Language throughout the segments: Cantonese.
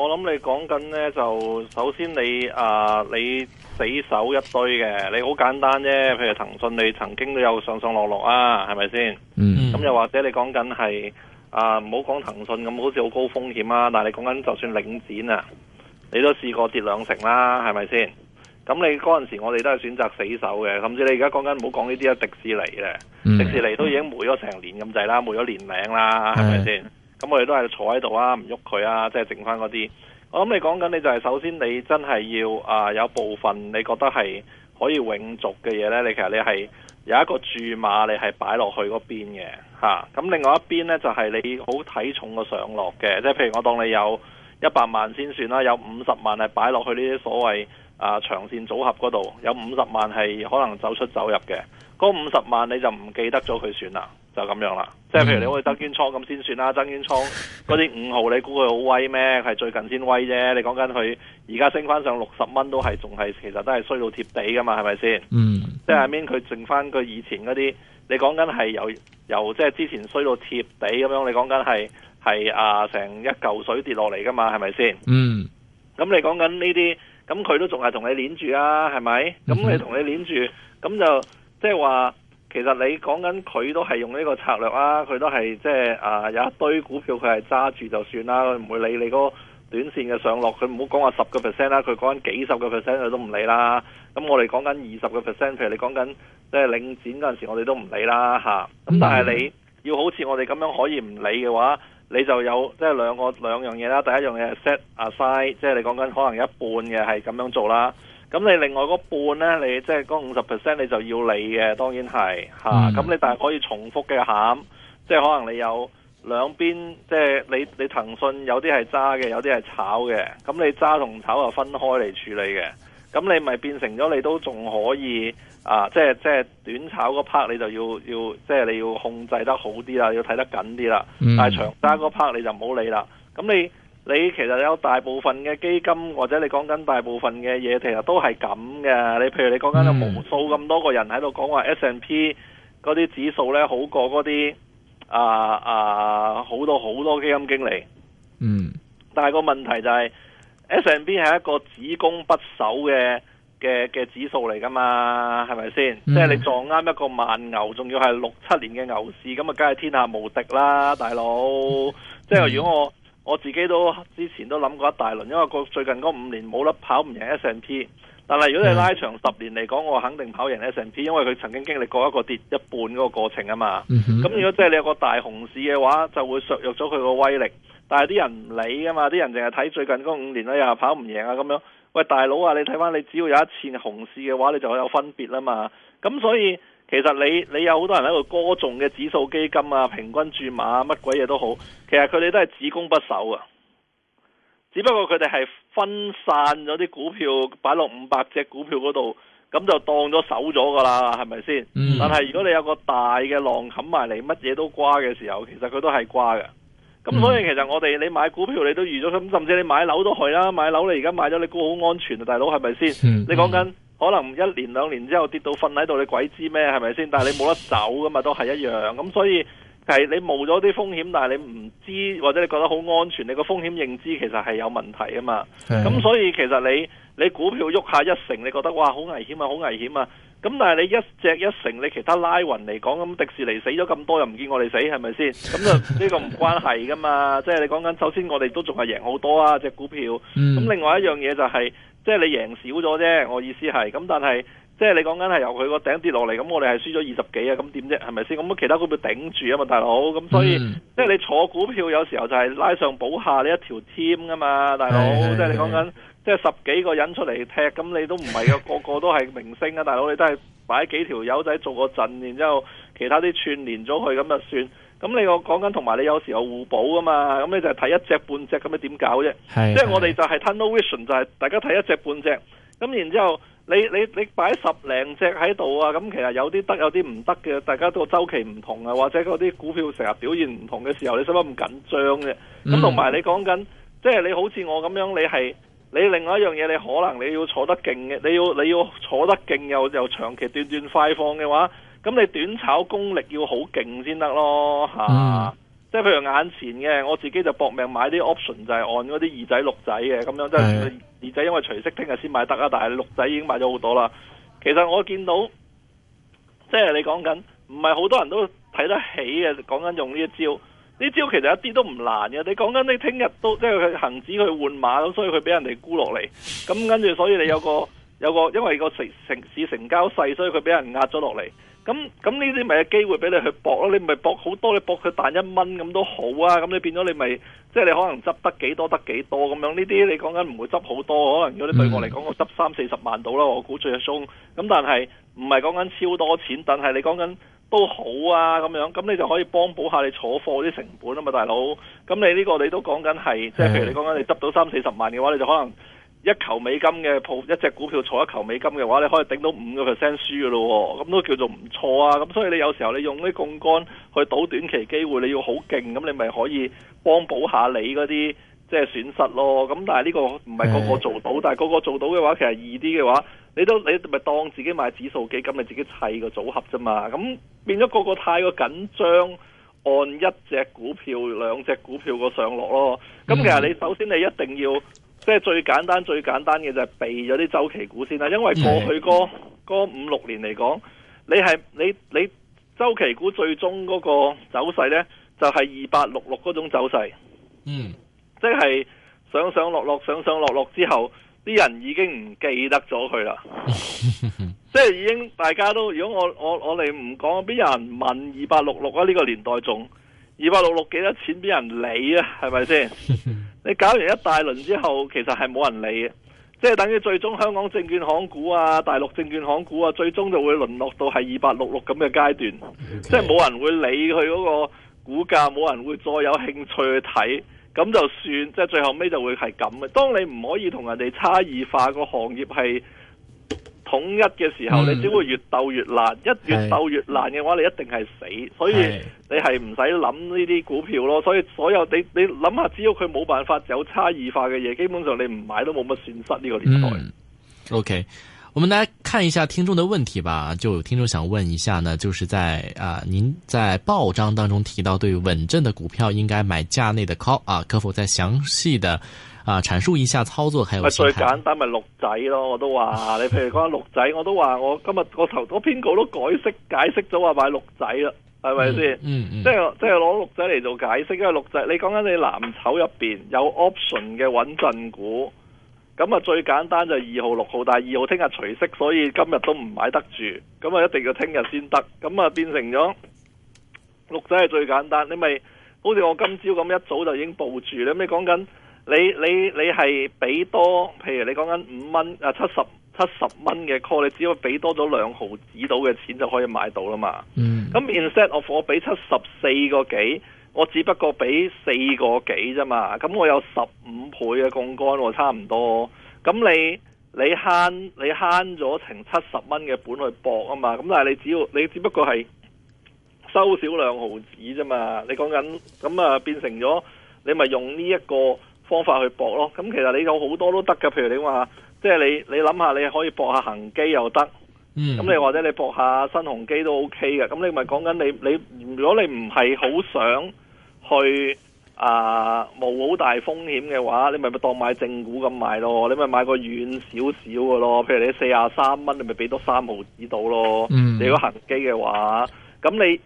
我諗你講緊呢，就首先你啊、呃，你死守一堆嘅，你好簡單啫。譬如騰訊，你曾經都有上上落落啊，係咪先？嗯、mm。咁、hmm. 又或者你講緊係啊，唔、呃、好講騰訊咁，好似好高風險啊。但係你講緊就算領展啊，你都試過跌兩成啦、啊，係咪先？咁你嗰陣時我哋都係選擇死守嘅，甚至你而家講緊唔好講呢啲啊，迪士尼嘅、mm hmm. 迪士尼都已經霉咗成年咁滯啦，霉咗年零啦，係咪先？Hmm. 吧咁我哋都係坐喺度啊，唔喐佢啊，即係剩翻嗰啲。我諗你講緊，你就係首先你真係要啊有部分你覺得係可以永續嘅嘢呢。你其實你係有一個注碼你係擺落去嗰邊嘅吓。咁、啊、另外一邊呢，就係、是、你好睇重個上落嘅，即係譬如我當你有一百萬先算啦，有五十萬係擺落去呢啲所謂啊長線組合嗰度，有五十萬係可能走出走入嘅，嗰五十萬你就唔記得咗佢算啦。就咁樣啦，即係譬如你會以增捐倉咁先算啦，增、嗯、捐倉嗰啲五號，你估佢好威咩？係最近先威啫，你講緊佢而家升翻上六十蚊都係仲係其實都係衰到貼地噶嘛，係咪先？嗯，即係下邊佢剩翻佢以前嗰啲，你講緊係由由即係之前衰到貼地咁樣，你講緊係係啊成一嚿水跌落嚟噶嘛，係咪先？嗯，咁你講緊呢啲，咁佢都仲係同你黏住啊，係咪？咁你同你黏住，咁、嗯、哼就即係話。就是其實你講緊佢都係用呢個策略啊，佢都係即係啊有一堆股票佢係揸住就算啦，佢唔會理你個短線嘅上落。佢唔好講話十個 percent 啦，佢講緊幾十個 percent 佢都唔理啦。咁我哋講緊二十個 percent，譬如你講緊即係領展嗰陣時，我哋都唔理啦吓咁、嗯、但係你要好似我哋咁樣可以唔理嘅話，你就有即係兩個兩樣嘢啦。第一樣嘢係 set aside，即係你講緊可能一半嘅係咁樣做啦。咁你另外嗰半咧，你即係嗰五十 percent，你就要理嘅，當然係吓、嗯啊、你但係可以重複嘅餡，即係可能你有兩邊，即係你你騰訊有啲係揸嘅，有啲係炒嘅。咁你揸同炒就分開嚟處理嘅。咁你咪變成咗你都仲可以啊！即係即係短炒嗰 part，你就要要即係你要控制得好啲啦，要睇得緊啲啦。嗯、但係長揸嗰 part 你就唔好理啦。咁你。你其實有大部分嘅基金，或者你講緊大部分嘅嘢，其實都係咁嘅。你譬如你講緊有無數咁多個人喺度講話 S&P 嗰啲指數咧，好過嗰啲啊啊好多好多基金經理。嗯，但係個問題就係、是、S&P 係一個只攻不守嘅嘅指數嚟噶嘛？係咪先？嗯、即係你撞啱一個萬牛，仲要係六七年嘅牛市，咁啊，梗係天下無敵啦，大佬！嗯、即係如果我。我自己都之前都諗過一大輪，因為個最近嗰五年冇得跑唔贏 S&P，但係如果你拉長十年嚟講，我肯定跑贏 S&P，因為佢曾經經歷過一個跌一半嗰個過程啊嘛。咁、嗯、哼如果即係你有一個大熊市嘅話，就會削弱咗佢個威力。但係啲人唔理啊嘛，啲人淨係睇最近嗰五年咧，又係跑唔贏啊咁樣。喂，大佬啊，你睇翻你只要有一次熊市嘅話，你就會有分別啦嘛。咁所以。其實你你有好多人喺度歌頌嘅指數基金啊、平均注碼乜鬼嘢都好，其實佢哋都係只攻不守啊。只不過佢哋係分散咗啲股票，擺落五百隻股票嗰度，咁就當咗守咗噶啦，係咪先？嗯、但係如果你有個大嘅浪冚埋嚟，乜嘢都瓜嘅時候，其實佢都係瓜㗎。咁所以其實我哋、嗯、你買股票你都預咗，咁甚至你買樓都去啦。買樓你而家買咗，你估好安全啊，大佬係咪先？嗯、你講緊。可能一年兩年之後跌到瞓喺度，你鬼知咩？係咪先？但係你冇得走㗎嘛，都係一樣。咁所以係你冒咗啲風險，但係你唔知或者你覺得好安全，你個風險認知其實係有問題㗎嘛。咁的所以其實你你股票喐下一成，你覺得哇好危險啊，好危險啊！咁但係你一隻一成，你其他拉勻嚟講，咁迪士尼死咗咁多又唔見我哋死，係咪先？咁就呢、這個唔關係㗎嘛。即係 你講緊，首先我哋都仲係贏好多啊，隻股票。咁、嗯、另外一樣嘢就係、是。即係你贏少咗啫，我意思係，咁但係即係你講緊係由佢個頂跌落嚟，咁我哋係輸咗二十幾啊，咁點啫？係咪先？咁其他股票頂住啊嘛，大佬，咁所以、嗯、即係你坐股票有時候就係拉上補下呢一條 team 噶嘛，大佬，的即係你講緊的即係十幾個人出嚟踢，咁你都唔係噶， 個個都係明星啊，大佬，你都係擺幾條友仔做個陣，然之後其他啲串聯咗去咁就算。咁你又講緊同埋你有時候互補啊嘛，咁你就係睇一隻半隻咁你點搞啫。即係我哋就係 tunnel vision，就係大家睇一隻半隻。咁是是 然之後你，你你你擺十零隻喺度啊，咁其實有啲得，有啲唔得嘅，大家都周期唔同啊，或者嗰啲股票成日表現唔同嘅時候，你使乜咁緊張啫？咁同埋你講緊，即係你好似我咁樣，你係你另外一樣嘢，你可能你要坐得勁嘅，你要你要坐得勁又又長期斷斷快放嘅話。咁你短炒功力要好勁先得咯，吓、啊，啊、即係譬如眼前嘅，我自己就搏命買啲 option，就係按嗰啲二仔六仔嘅咁樣，即係二仔因為除息聽日先買得啊，但係六仔已經買咗好多啦。其實我見到，即係你講緊，唔係好多人都睇得起嘅，講緊用呢招，呢招其實一啲都唔難嘅。你講緊你聽日都即係恒指，佢換馬咁，所以佢俾人哋沽落嚟，咁跟住所以你有個有個因為個成市成交細，所以佢俾人壓咗落嚟。咁咁呢啲咪有機會俾你去搏咯？你唔係搏好多，你搏佢彈一蚊咁都好啊！咁你變咗你咪即係你可能執得幾多得幾多咁樣？呢啲你講緊唔會執好多，可能如果你對我嚟講，我執三四十萬到啦。我估最鬆咁，但係唔係講緊超多錢，但係你講緊都好啊咁樣。咁你就可以幫補下你坐貨啲成本啊嘛，大佬。咁你呢個你都講緊係，即係譬如你講緊你執到三四十萬嘅話，你就可能。一球美金嘅鋪，一隻股票坐一球美金嘅話，你可以頂到五個 percent 輸嘅咯，咁都叫做唔錯啊！咁所以你有時候你用啲槓桿去賭短期機會，你要好勁，咁你咪可以幫補下你嗰啲即係損失咯。咁但係呢個唔係個個做到，但係個個做到嘅話，其實易啲嘅話，你都你咪當自己買指數基金，咪自己砌個組合啫嘛。咁變咗個個太過緊張，按一隻股票，兩隻股票個上落咯。咁其實你首先你一定要。即係最簡單，最簡單嘅就係避咗啲周期股先啦，因為過去嗰五六年嚟講，你係你你周期股最終嗰個走勢呢，就係、是、二八六六嗰種走勢。嗯，即係上上落落上上落落之後，啲人已經唔記得咗佢啦。 即係已經大家都，如果我我我哋唔講，邊人問二八六六啊？呢、這個年代仲。二百六六幾多錢俾人理啊？係咪先？你搞完一大輪之後，其實係冇人理嘅，即係等於最終香港證券行股啊、大陸證券行股啊，最終就會淪落到係二百六六咁嘅階段，Okay. 即係冇人會理佢嗰個股價，冇人會再有興趣去睇，咁就算，即係最後尾就會係咁嘅。當你唔可以同人哋差異化個行業係，統一嘅時候，你只會越鬥越難。嗯、一越鬥越難嘅話，是你一定係死。所以你係唔使諗呢啲股票咯。所以所有你你諗下，只要佢冇辦法有差異化嘅嘢，基本上你唔買都冇乜損失呢個年代。嗯、OK，我們嚟看一下聽眾的問題吧。就有聽眾想問一下呢，就是在啊、呃，您在報章當中提到對穩陣的股票應該買價內的 call 啊，可否再詳細的？啊，闡述一下操作還，還有心態，咪最簡單咪六仔咯，我都話， 你譬如講下六仔，我都話我今日個頭，我編稿都改釋解釋咗話買六仔啦，係咪先？嗯 即係即係攞六仔嚟做解釋，因為六仔你講緊你藍籌入邊有 option 嘅穩陣股，咁啊最簡單就二號六號，但係二號聽日除息，所以今日都唔買得住，咁啊一定要聽日先得，咁啊變成咗六仔係最簡單，你咪好似我今朝咁一早就已經報住，你咪講緊。你你你係俾多，譬如你講緊五蚊啊，七十七十蚊嘅 call，你只要俾多咗兩毫紙到嘅錢就可以買到啦嘛。咁、mm. instead of 我我俾七十四個幾，我只不過俾四個幾啫嘛。咁我有十五倍嘅槓桿喎，差唔多。咁你你慳你慳咗成七十蚊嘅本去搏啊嘛。咁但係你只要你只不過係收少兩毫紙啫嘛。你講緊咁啊，變成咗你咪用呢一個。方法去搏咯，咁其實你有好多都得嘅，譬如你話，即係你你諗下，你可以搏下恆基又得，咁、嗯、你或者你搏下新鴻基都 OK 嘅，咁你咪講緊你你，如果你唔係好想去啊冇好大風險嘅話，你咪咪當買正股咁買咯，你咪買個遠少少嘅咯，譬如你四十三蚊，你咪俾多三毫紙到咯，嗯、你個恆基嘅話，咁你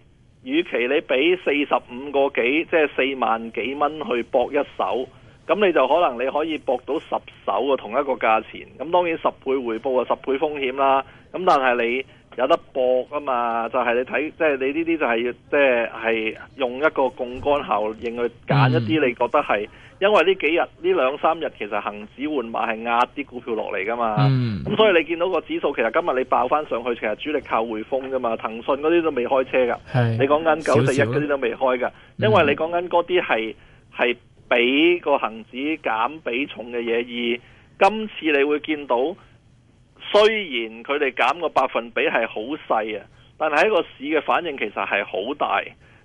與其你俾四十五個幾，即係四萬幾蚊去搏一手。咁你就可能你可以博到十手嘅同一個價錢，咁當然十倍回報啊，十倍風險啦。咁但係你有得博啊嘛，就係、是、你睇，即、就、係、是、你呢啲就係、是，即、就、係、是、用一個槓桿效應去揀一啲你覺得係，嗯、因為呢幾日呢兩三日其實恆指換馬係壓啲股票落嚟噶嘛，咁、嗯、所以你見到個指數其實今日你爆翻上去，其實主力靠匯豐啫嘛，騰訊嗰啲都未開車噶，是你講緊九四一嗰啲都未開噶，因為你講緊嗰啲係係。嗯俾個恒指減比重嘅嘢，而今次你會見到，雖然佢哋減個百分比係好細啊，但係喺個市嘅反應其實係好大。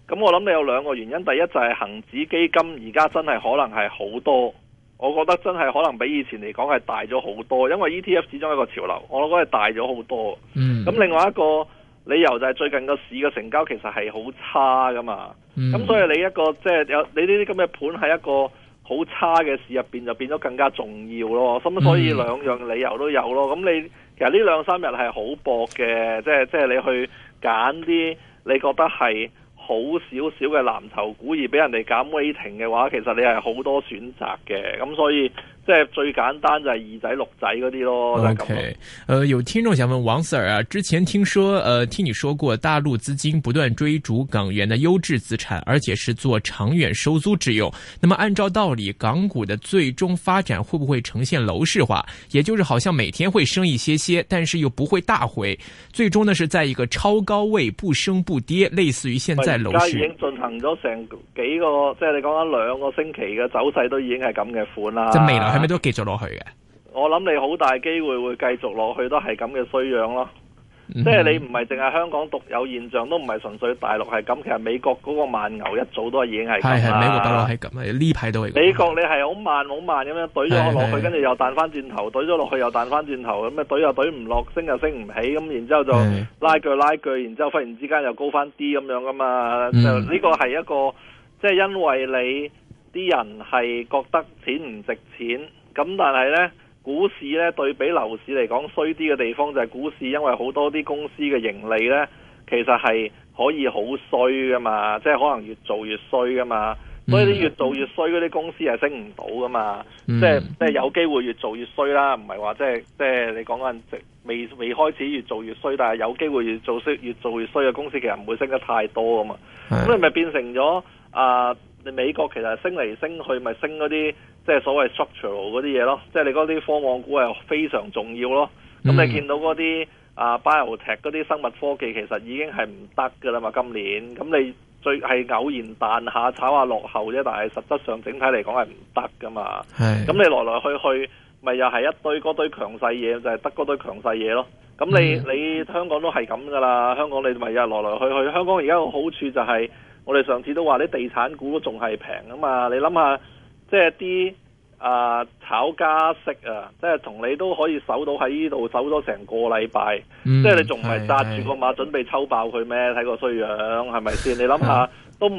咁我諗你有兩個原因，第一就係恒指基金而家真係可能係好多，我覺得真係可能比以前嚟講係大咗好多，因為 E T F 始終係一個潮流，我諗得係大咗好多。咁另外一個。理由就係最近個市嘅成交其實係好差㗎嘛，咁、嗯、所以你一個即係、就是、有你呢啲咁嘅盤喺一個好差嘅市入邊，就變咗更加重要咯。咁所以兩樣理由都有咯。咁你其實呢兩三日係好薄嘅，即係即係你去揀啲你覺得係好少少嘅藍籌股而俾人哋減 weighting 嘅話，其實你係好多選擇嘅。咁所以。即係最簡單就係二仔六仔嗰啲咯。OK，呃有聽眾想問王 Sir 啊，之前聽說呃聽你說過大陸資金不斷追逐港元的優質資產，而且是做長遠收租之用。那麼按照道理，港股的最終發展會不會呈現樓市化？也就是好像每天會升一些些，但是又不會大回，最終呢是在一個超高位不升不跌，類似於現在樓市。已經進行咗成幾個，即係你講緊兩個星期嘅走勢都已經係咁嘅款啦。未來。咩都繼續落去嘅，我諗你好大機會會繼續落去都係咁嘅衰樣咯。即係、嗯、哼你唔係淨係香港獨有現象，都唔係純粹大陸係咁。其實美國嗰個慢牛一早都已經係咁啦。美國都係咁，係呢排都係。美國你係好慢好慢咁樣懟咗落去，跟住又彈翻轉頭，懟咗落去又彈翻轉頭，咁樣懟又懟唔落，升又升唔起，咁然之後就拉鋸拉鋸，嗯、然之後忽然之間又高翻啲咁樣噶嘛。嗯、就呢個係一個，即、就、係、是、因為你。啲人係覺得錢唔值錢，咁但係呢股市，呢，對比樓市嚟講衰啲嘅地方就係股市，因為好多啲公司嘅盈利呢，其實係可以好衰噶嘛，即係可能越做越衰噶嘛。嗯、所以你越做越衰嗰啲公司係升唔到噶嘛，嗯、即係即係有機會越做越衰啦，唔係話即係即係你講緊未未開始越做越衰，但係有機會越做越做越衰嘅公司其實唔會升得太多噶嘛。咁你咪變成咗啊？呃你美國其實升嚟升去升那些，咪升嗰啲即係所謂 structural 嗰啲嘢咯，即係你嗰啲科網股係非常重要咯。咁你見到嗰啲、嗯、啊 Biotech 嗰啲生物科技，其實已經係唔得噶啦嘛。今年咁你最係偶然彈下炒下落後啫，但係實質上整體嚟講係唔得噶嘛。咁是你來來去去咪又係一堆嗰堆強勢嘢，就係、是、得嗰堆強勢嘢咯。咁你、嗯、你香港都係咁噶啦，香港你咪又係來來去去。香港而家個好處就係、是。我哋上次都話啲地產股仲係平啊嘛，你諗下，即係啲啊炒加息啊，即係同你都可以守到喺呢度守咗成個禮拜，嗯、即係你仲唔係扎住個馬是是是準備抽爆佢咩？睇個衰樣係咪先？你諗下是是都唔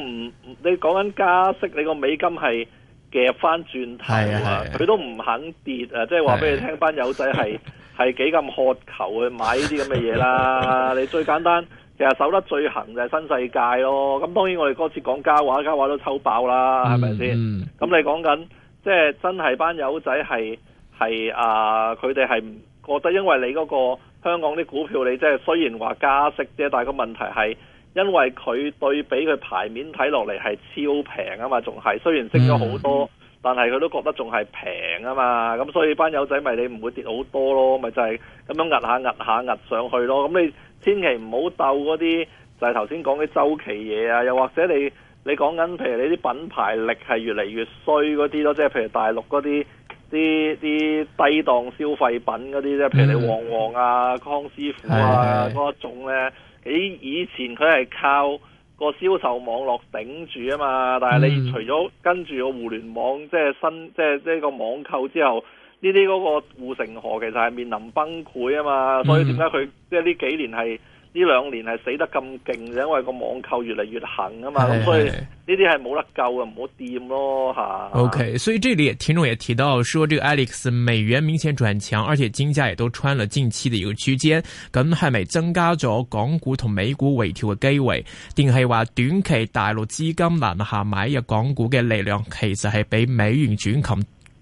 你講緊加息，你個美金係夾翻轉頭啊！佢是是都唔肯跌啊！即係話俾你聽，班友仔係係幾咁渴求去買呢啲咁嘅嘢啦！ 你最簡單。其實守得最行就係新世界咯，咁當然我哋嗰次講嘉華，嘉華都抽爆啦，係咪先？咁、嗯嗯嗯、你講緊即係真係班友仔係係啊，佢哋係覺得，因為你嗰個香港啲股票，你即係雖然話加息啫，但係個問題係因為佢對比佢牌面睇落嚟係超平啊嘛，仲係雖然升咗好多，嗯、但係佢都覺得仲係平啊嘛，咁所以班友仔咪你唔會跌好多咯，咪就係、是、咁樣壓下壓下壓上去咯，咁你。千祈唔好鬥嗰啲，就係頭先講嘅週期嘢啊！又或者你你講緊，譬如你啲品牌力係越嚟越衰嗰啲咯，即係譬如大陸嗰啲啲啲低檔消費品嗰啲咧，譬如你旺旺啊、mm hmm. 康師傅啊嗰、mm hmm. 種咧，佢以前佢係靠個銷售網絡頂住啊嘛，但係你除咗跟住個互聯網，即係新，即係即係個網購之後。呢啲嗰個護城河其實係面臨崩潰啊嘛，所以點解佢即係呢幾年係呢兩年係死得咁勁，嗯、因為個網購越嚟越行啊嘛，咁、嗯、所以呢啲係冇得救啊，唔好掂咯吓。OK，所以這裡聽眾也提到說，這個 Alex 美元明顯轉強，而且金價也都穿了近期的一個區間，咁係咪增加咗港股同美股回調嘅機會，定係話短期大陸資金南下買入港股嘅力量，其實係俾美元轉強？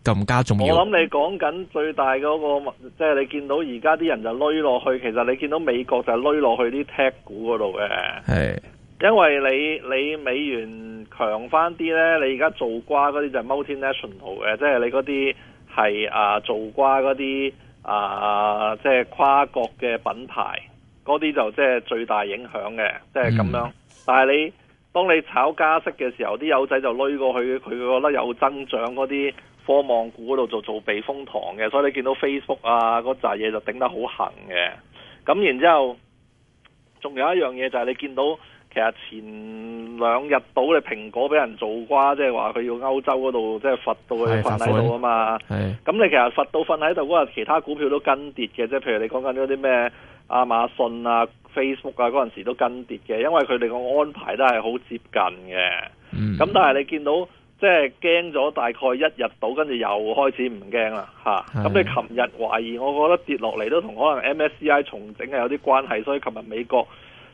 就唔加重要。我諗你講緊最大嗰個，即係你見到而家啲人就摙落去，其實你見到美國就摙落去啲 tech 股嗰度嘅。係，因為你你美元強翻啲咧，你而家做瓜嗰啲就 multinational 嘅，即係你嗰啲係啊做瓜嗰啲啊，即係跨國嘅品牌，嗰啲就即係最大影響嘅，即係咁樣。嗯。但係你當你炒加息嘅時候，啲友仔就摙過去，佢覺得有增長嗰啲。科網股嗰度就做避風塘嘅，所以你見到 Facebook 啊嗰扎嘢就頂得好行嘅。咁然之後，仲有一樣嘢就係你見到，其實前兩日到你蘋果俾人做瓜，即係話佢要歐洲嗰度即係罰到佢瞓喺度啊嘛。咁你其實罰到瞓喺度嗰日，其他股票都跟跌嘅，即係譬如你講緊嗰啲咩亞馬遜啊、Facebook 啊嗰陣時都跟跌嘅，因為佢哋個安排都係好接近嘅。咁、嗯、但係你見到。即係驚咗大概一日到，跟住又開始唔驚啦嚇。咁你琴日懷疑，我覺得跌落嚟都同可能 MSCI 重整係有啲關係，所以琴日美國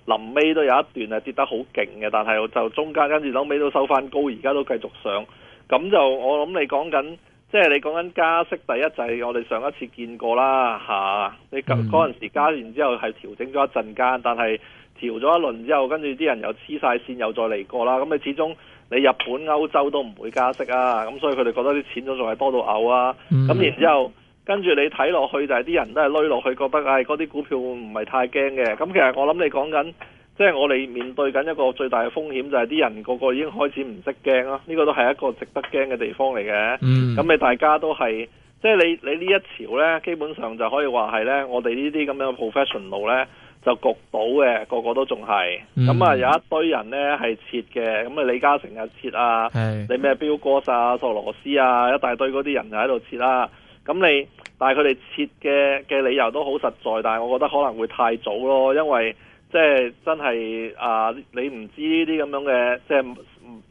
臨尾都有一段係跌得好勁嘅，但係就中間跟住後尾都收翻高，而家都繼續上。咁就我諗你講緊，即係你講緊加息第一制，就係我哋上一次見過啦吓、啊、你嗰陣、嗯、時加完之後係調整咗一陣間，但係調咗一輪之後，跟住啲人又黐晒線，又再嚟過啦。咁你始終。你日本、歐洲都唔會加息啊，咁所以佢哋覺得啲錢都仲係多到嘔啊，咁、嗯、然之後跟住你睇落去就係、是、啲人都係攣落去，覺得係嗰啲股票唔係太驚嘅。咁其實我諗你講緊，即、就、係、是、我哋面對緊一個最大嘅風險就係、是、啲人個個已經開始唔識驚咯。呢、這個都係一個值得驚嘅地方嚟嘅。咁、嗯、你大家都係，即、就、係、是、你你呢一潮呢，基本上就可以話係呢我哋呢啲咁樣嘅 professional 呢。就焗到嘅，個個都仲係咁啊！嗯、有一堆人呢係切嘅，咁啊李嘉誠又切啊，是你咩彪哥薩啊，索羅斯啊，一大堆嗰啲人就喺度切啦、啊。咁你，但係佢哋切嘅嘅理由都好實在，但係我覺得可能會太早咯，因為即係真係啊，你唔知呢啲咁樣嘅，即係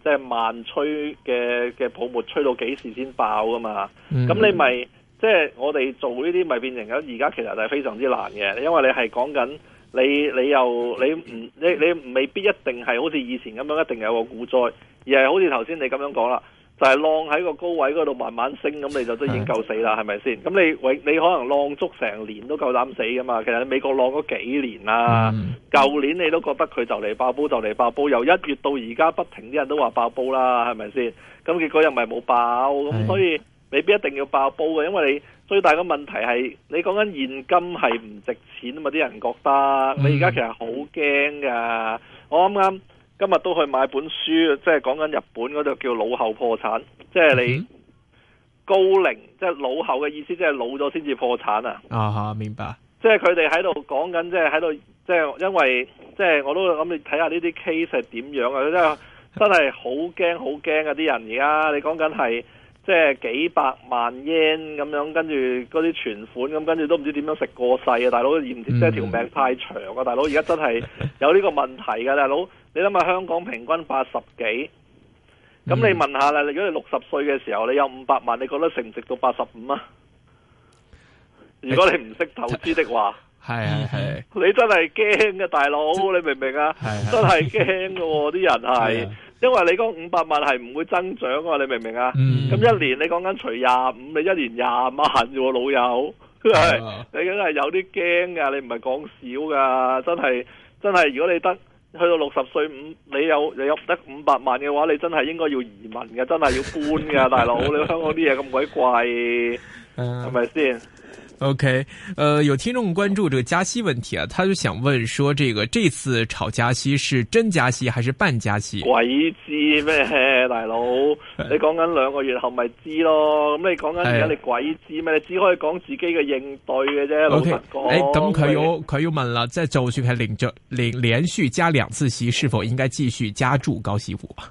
即係慢吹嘅嘅泡沫吹到幾時先爆㗎嘛。咁、嗯、你咪即係我哋做呢啲咪變成咗而家其實係非常之難嘅，因為你係講緊。你你又你唔你你未必一定係好似以前咁樣一定有一個股災，而係好似頭先你咁樣講啦，就係、是、浪喺個高位嗰度慢慢升，咁你就都已經夠死啦，係咪先？咁你你可能浪足成年都夠膽死噶嘛？其實美國浪咗幾年啦、啊，舊、嗯、年你都覺得佢就嚟爆煲就嚟爆煲，由一月到而家不停啲人都話爆煲啦，係咪先？咁結果又唔係冇爆，咁所以未必一定要爆煲嘅，因為你。最大嘅問題係，你講緊現金係唔值錢啊嘛！啲人覺得你而家其實好驚㗎。我啱啱今日都去買本書，即係講緊日本嗰度叫老後破產，即係你高齡，即係老後嘅意思，即係老咗先至破產啊！啊哈，明白。即係佢哋喺度講緊，即係喺度，即係因為，即係我都諗 你睇下呢啲 case 係點樣啊！真係真係好驚，好驚啊！啲人而家你講緊係。即係幾百萬 yen 咁樣，跟住嗰啲存款，咁跟住都唔知點樣食過世啊！大佬而唔知即係條命太長啊！大佬而家真係有呢個問題㗎。 大佬你諗下香港平均八十幾，咁你問下啦，如果你六十歲嘅時候你有五百萬，你覺得食唔食到八十五啊？如果你唔識投資的話，係係，你真係驚嘅，大佬真你明唔明啊？ 真係驚嘅，啲人係。因為你嗰五百萬係唔會增長啊，你明唔明啊？咁、嗯、一年你講緊除廿五，你一年廿萬啫，老友，是是哦，你梗係有啲驚噶，你唔係講少噶，真係真係，如果你得去到六十歲五，你有你有得五百萬嘅話，你真係應該要移民嘅， 真係要搬噶，大佬你香港啲嘢咁鬼貴，係咪先？是 O、okay, K，呃，有聽眾關注這個加息問題啊，他就想問說、這個，這個這次炒加息是真加息還是半加息？鬼知咩大佬，你講緊兩個月後咪知咯，咁你講緊而家你鬼知咩？你只可以講自己嘅應對嘅啫。老實講，咁佢又佢又問啦，即係就算係連續連連續加兩次息，是否應該繼續加注高息股啊？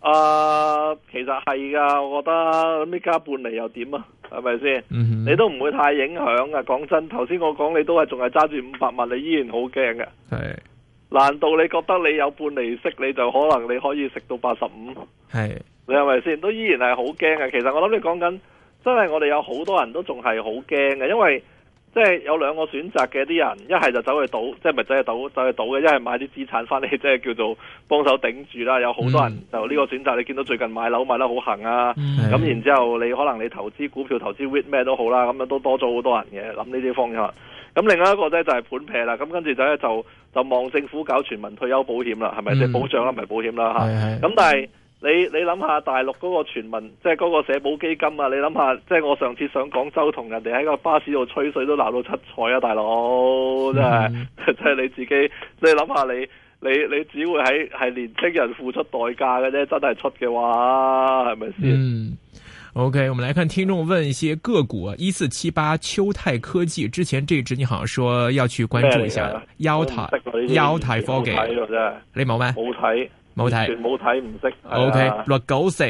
啊，其實係噶，我覺得呢加半嚟，又點啊？係咪先？你都唔會太影響啊！講真，頭先我講你都係仲係揸住五百萬，你依然好驚嘅。是難道你覺得你有半厘息，你就可能你可以食到八十五？係是，你係咪先？都依然係好驚嘅。其實我諗你講緊，真係我哋有好多人都仲係好驚嘅，因為。即係有兩個選擇嘅啲人，一係就走去賭，即係咪走去賭，走去賭嘅；一係買啲資產翻嚟，即係叫做幫手頂住啦。有好多人就呢個選擇，你見到最近買樓買得好行啊，咁、嗯、然之後你可能你投資股票、投資 w 咩都好啦，咁樣都多咗好多人嘅諗呢啲方向。咁另外一個咧就係盤撇啦，咁跟住就咧就就望政府搞全民退休保險啦，係咪即係保障啦，唔係、嗯、保險啦吓。咁、嗯、是但係。你你諗下大陸嗰個全民，即係嗰個社保基金啊！你諗下，即係我上次上廣州同人哋喺個巴士度吹水都鬧到七彩啊！大佬，嗯、即係真係你自己，你諗下你你你只會喺係年輕人付出代價嘅啫，真係出嘅話係咪先？是是嗯，OK，我們來看聽眾問一些個股，一四七八秋泰科技之前這支你好像說要去關注一下，優泰、嗯嗯、泰科技，你冇咩？冇睇。冇睇。冇睇。冇睇，冇睇，唔識。OK，六九四，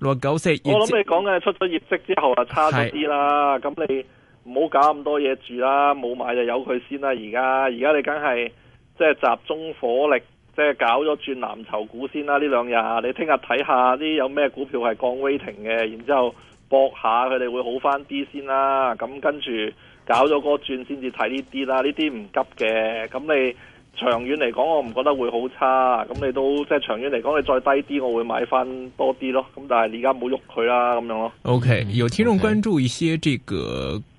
六九四。我諗你講嘅勢出咗業績之後啊，差咗啲啦。咁你唔好搞咁多嘢住啦，冇買就由佢先啦。而家而家你梗係即係集中火力，即係搞咗轉藍籌股先啦。呢兩日你聽日睇下啲有咩股票係降 weighting 嘅，然之後博下佢哋會好翻啲先啦。咁跟住搞咗個轉先至睇呢啲啦。呢啲唔急嘅，咁你。長遠嚟講，我唔覺得會好差，咁你都即係長遠嚟講，你再低啲，我會買翻多啲咯。咁但係你而家冇喐佢啦，咁樣咯。OK，有聽眾關注一些這個。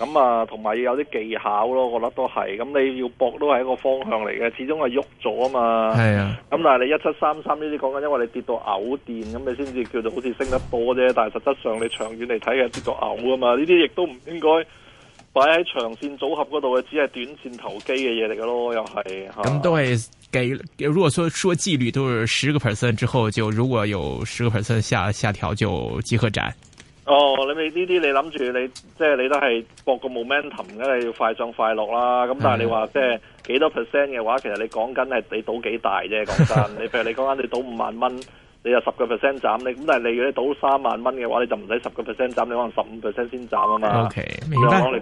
咁啊，同埋要有啲技巧咯，我覺得都係。咁你要搏都係一個方向嚟嘅，始終係喐咗啊嘛。係啊、哎呀。咁但係你一七三三呢啲講緊，因為你跌到嘔電，咁你先至叫做好似升得多啫。但係實質上你長遠嚟睇嘅跌到嘔啊嘛。呢啲亦都唔應該擺喺長線組合嗰度嘅，只係短線投機嘅嘢嚟噶咯，又、啊、係。咁都係，如果說說紀律都10，都係十個 percent 之後，就如果有十個 percent 下下調，就即刻斬。哦，你咪呢啲你諗住你即係你都係搏個 momentum 嘅，要快上快落啦。咁但係你話即係幾多 percent 嘅話，其實你講緊係你賭幾大啫。講真 你你你，你譬如你講緊你賭五萬蚊，你就十個 percent 斬，你咁但係你如果賭三萬蚊嘅話，你就唔使十個 percent 斬，你可能十五 percent 先斬啊嘛。O、okay, K。